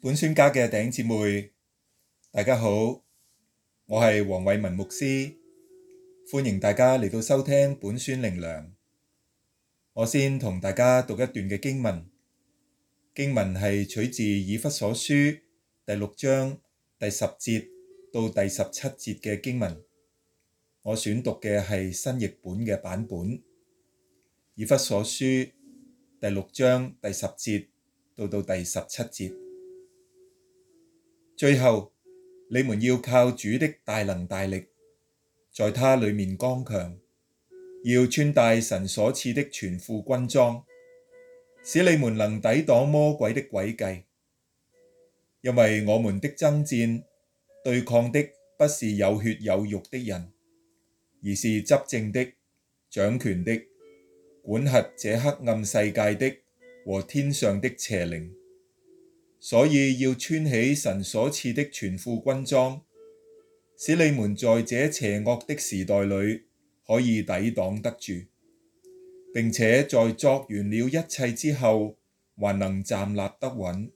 本宣家嘅頂姐妹，大家好，我係黃偉文牧師，歡迎大家嚟到收聽本宣靈糧。我先同大家讀一段嘅經文，經文係取自以弗所書第六章第十節到第十七節嘅經文。我選讀嘅係新譯本嘅版本，以弗所書第六章第十節到到第十七節。最後，你們要靠主的大能大力，在他裏面剛強，要穿戴神所賜的全副軍裝，使你們能抵擋魔鬼的詭計。因為我們的爭戰對抗的不是有血有肉的人，而是執政的、掌權的、管轄這黑暗世界的和天上的邪靈。所以要穿起神所賜的全副軍裝，使你們在這邪惡的時代裏可以抵擋得住，並且在作完了一切之後，還能站立得穩。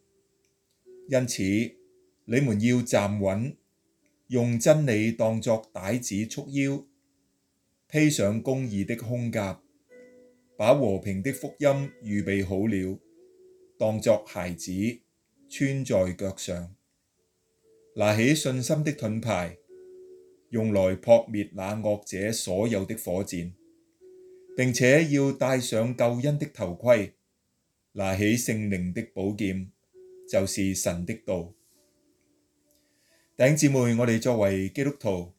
因此，你們要站穩，用真理當作帶子束腰，披上公義的胸甲，把和平的福音預備好了，當作鞋子。穿在腳上，拿起信心的盾牌，用來撲滅那惡者所有的火箭，並且要戴上救恩的頭盔，拿起聖靈的寶劍，就是神的道。弟兄姊妹，我哋作為基督徒，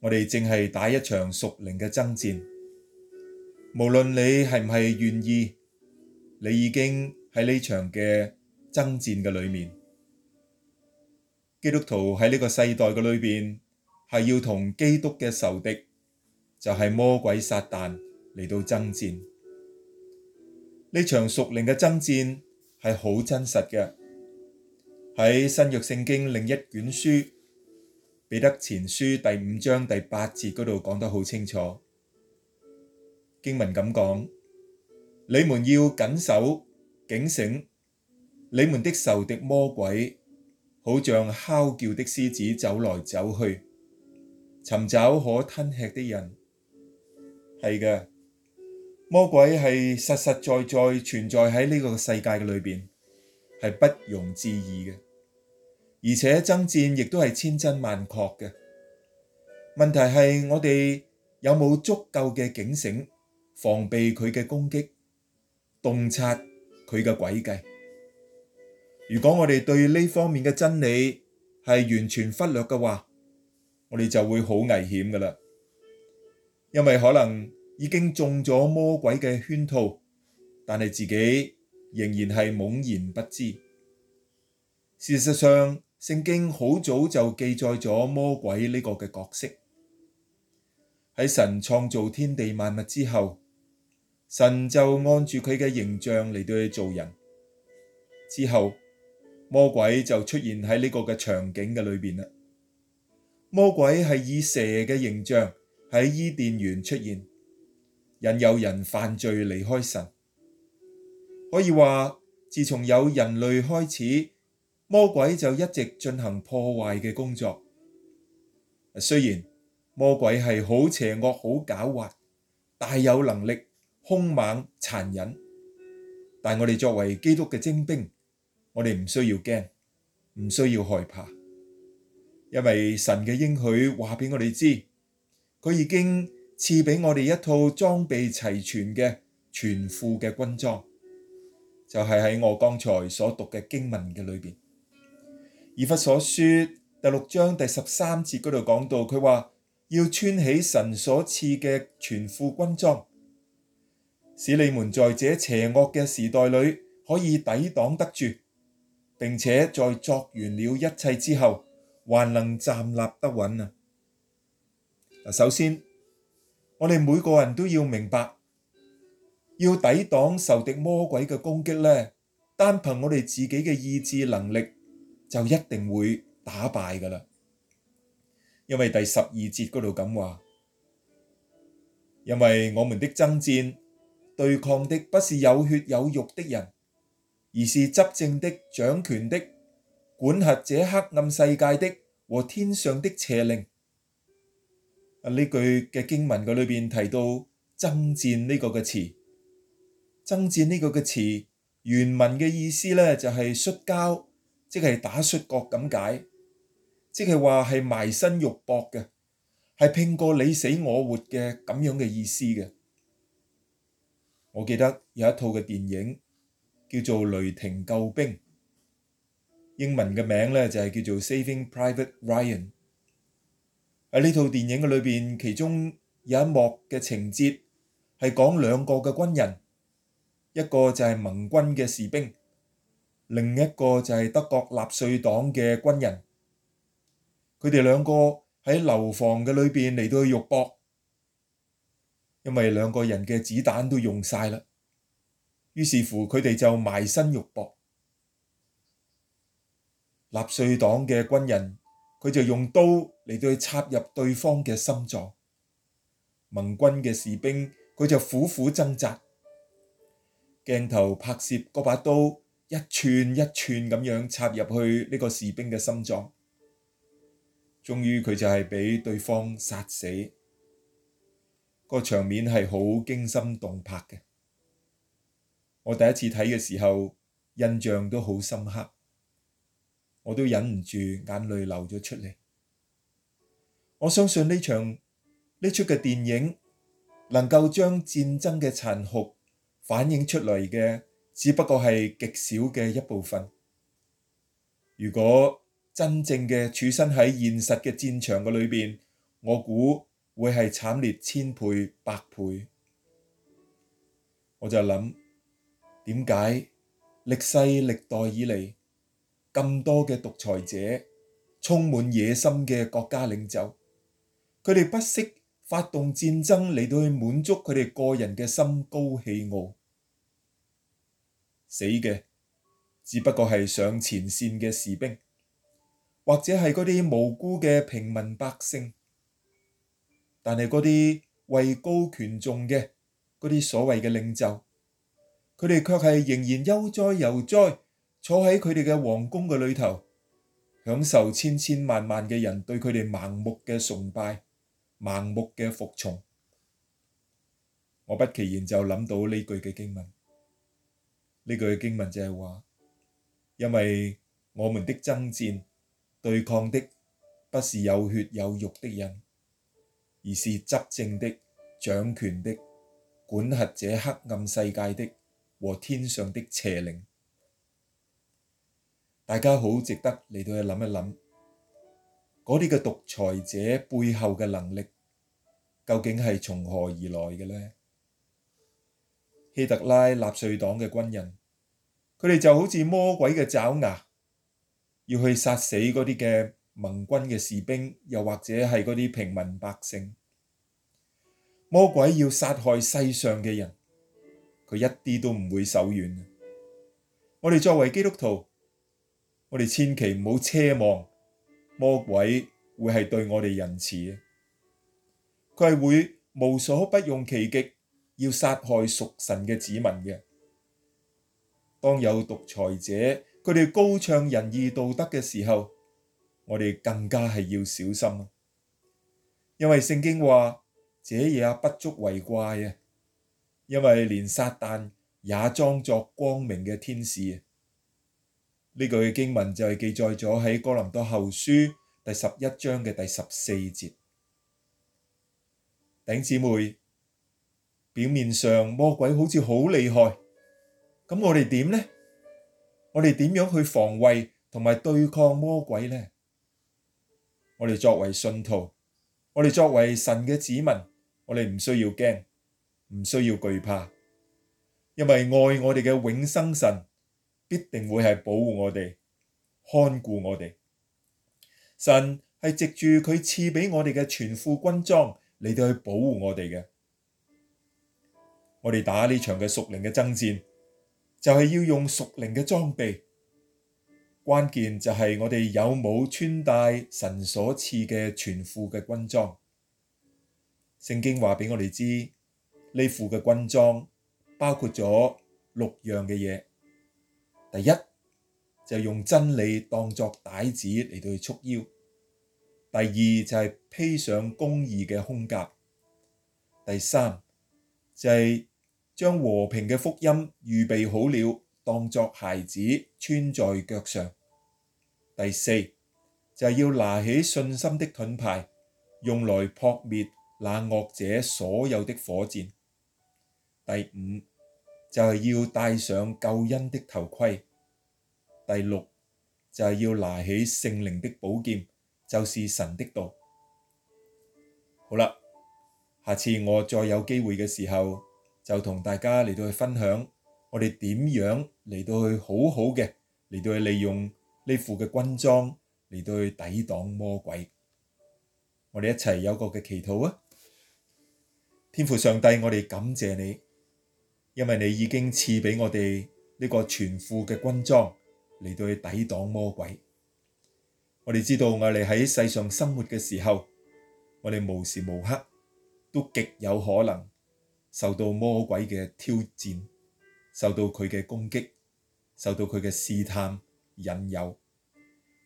我哋正係打一場屬靈嘅爭戰。無論你係唔係願意，你已經喺呢場嘅。爭戰嘅裏面，基督徒喺呢個世代嘅裏邊係要同基督嘅仇敵，就係、是、魔鬼撒旦嚟到爭戰。呢場屬靈嘅爭戰係好真實嘅。喺新約聖經另一卷書彼得前書第五章第八節嗰度講得好清楚，經文咁講：你們要謹守警醒。你們的仇敵魔鬼，好像嚎叫的獅子，走來走去，尋找可吞吃的人。係嘅，魔鬼係實實在在存在喺呢個世界嘅裏邊，係不容置疑嘅。而且爭戰亦都係千真萬確嘅。問題係我哋有冇足夠嘅警醒，防備佢嘅攻擊，洞察佢嘅詭計。如果我哋對呢方面嘅真理係完全忽略嘅話，我哋就會好危險㗎喇，因為可能已經中咗魔鬼嘅圈套，但係自己仍然係懵然不知。事實上，聖經好早就記載咗魔鬼呢個嘅角色。喺神創造天地萬物之後，神就按住佢嘅形象嚟對佢造人，之後。魔鬼就出現喺呢個嘅場景嘅裏邊啦。魔鬼係以蛇嘅形象喺伊甸園出現，引誘人犯罪離開神。可以話，自從有人類開始，魔鬼就一直進行破壞嘅工作。雖然魔鬼係好邪惡、好狡猾、大有能力、兇猛殘忍，但我哋作為基督嘅精兵。我哋唔需要驚，唔需要害怕，因為神嘅應許話俾我哋知，佢已經賜俾我哋一套裝備齊全嘅全副嘅軍裝，就係、是、喺我剛才所讀嘅經文嘅裏邊。以弗所書第六章第十三節嗰度講到，佢話要穿起神所賜嘅全副軍裝，使你們在這邪惡嘅時代裏可以抵擋得住。並且在作完了一切之後，還能站立得穩啊！嗱，首先，我哋每個人都要明白，要抵擋仇敵魔鬼嘅攻擊呢，單憑我哋自己嘅意志能力，就一定會打敗㗎喇。因為第十二節嗰度噉話，因為我們的爭戰，對抗的不是有血有肉的人。而是執政的、掌權的、管轄者、黑暗世界的和天上的邪靈。呢句嘅經文嘅裏邊提到爭戰呢個嘅詞，爭戰呢個嘅詞原文嘅意思呢，就係摔跤，即係打摔角咁解，即係話係埋身肉搏嘅，係拼過你死我活嘅咁樣嘅意思嘅。我記得有一套嘅電影。叫做雷霆救兵，英文嘅名呢就係叫做 Saving Private Ryan。喺呢套電影嘅裏邊，其中有一幕嘅情節係講兩個嘅軍人，一個就係盟軍嘅士兵，另一個就係德國納粹黨嘅軍人。佢哋兩個喺樓房嘅裏邊嚟到去肉搏，因為兩個人嘅子彈都用晒啦。於是乎，佢哋就埋身肉搏。納粹黨嘅軍人，佢就用刀嚟到去插入對方嘅心臟。盟軍嘅士兵，佢就苦苦掙扎。鏡頭拍攝嗰把刀一寸一寸咁樣插入去呢個士兵嘅心臟，終於佢就係俾對方殺死。個場面係好驚心動魄嘅。我第一次睇嘅時候，印象都好深刻，我都忍唔住眼淚流咗出嚟。我相信呢場呢出嘅電影能夠將戰爭嘅殘酷反映出嚟嘅，只不過係極少嘅一部分。如果真正嘅處身喺現實嘅戰場嘅裏邊，我估會係慘烈千倍百倍。我就諗。點解歷世歷代以嚟咁多嘅獨裁者、充滿野心嘅國家領袖，佢哋不惜發動戰爭嚟到去滿足佢哋個人嘅心高氣傲？死嘅，只不過係上前線嘅士兵，或者係嗰啲無辜嘅平民百姓，但係嗰啲位高權重嘅，嗰啲所謂嘅領袖。佢哋卻係仍然悠哉悠哉坐喺佢哋嘅皇宮嘅裏頭，享受千千萬萬嘅人對佢哋盲目嘅崇拜、盲目嘅服從。我不其然就諗到呢句嘅經文，呢句嘅經文就係話：因為我們的爭戰對抗的不是有血有肉的人，而是執政的、掌權的、管轄這黑暗世界的。和天上的邪靈，大家好，值得嚟到去諗一諗嗰啲嘅獨裁者背後嘅能力究竟係從何而來嘅咧？希特拉納粹黨嘅軍人，佢哋就好似魔鬼嘅爪牙，要去殺死嗰啲嘅盟軍嘅士兵，又或者係嗰啲平民百姓。魔鬼要殺害世上嘅人。佢一啲都唔會手軟。我哋作為基督徒，我哋千祈唔好奢望魔鬼會係對我哋仁慈。佢係會無所不用其極，要殺害屬神嘅子民嘅。當有獨裁者，佢哋高唱仁義道德嘅時候，我哋更加係要小心，因為聖經話這也不足為怪啊。因為連撒旦也裝作光明嘅天使，呢句經文就係記載咗喺哥林多後書第十一章嘅第十四節。頂姊妹，表面上魔鬼好似好厲害，咁我哋點呢？我哋點樣去防衞同埋對抗魔鬼呢？我哋作為信徒，我哋作為神嘅子民，我哋唔需要驚。唔需要懼怕，因為愛我哋嘅永生神必定會係保護我哋、看顧我哋。神係藉住佢賜俾我哋嘅全副軍裝嚟到去保護我哋嘅。我哋打呢場嘅屬靈嘅爭戰，就係要用屬靈嘅裝備。關鍵就係我哋有冇穿戴神所賜嘅全副嘅軍裝。聖經話俾我哋知。呢副嘅軍裝包括咗六樣嘅嘢。第一就係、是、用真理當作帶子嚟到去束腰。第二就係、是、披上公義嘅胸甲。第三就係、是、將和平嘅福音預備好了，當作鞋子穿在腳上。第四就係、是、要拿起信心的盾牌，用來撲滅那惡者所有的火箭。第五就係要戴上救恩的頭盔，第六就係要拿起聖靈的寶劍，就是神的道。好啦，下次我再有機會嘅時候，就同大家嚟到去分享，我哋點樣嚟到去好好嘅嚟到去利用呢副嘅軍裝嚟到去抵擋魔鬼。我哋一齊有個嘅祈禱啊！天父上帝，我哋感謝你。因為你已經賜俾我哋呢個全副嘅軍裝嚟到去抵擋魔鬼。我哋知道我哋喺世上生活嘅時候，我哋無時無刻都極有可能受到魔鬼嘅挑戰，受到佢嘅攻擊，受到佢嘅試探、引誘。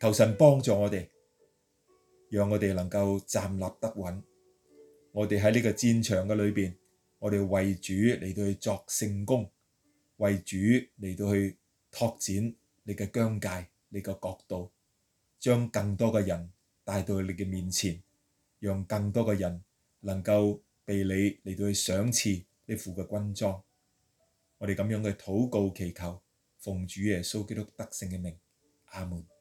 求神幫助我哋，讓我哋能夠站立得穩。我哋喺呢個戰場嘅裏邊。我哋為主嚟到去作聖功，為主嚟到去拓展你嘅疆界，你個角度，將更多嘅人帶到你嘅面前，讓更多嘅人能夠被你嚟到去賞賜你副嘅軍裝。我哋咁樣嘅禱告祈求，奉主耶穌基督得勝嘅名，阿門。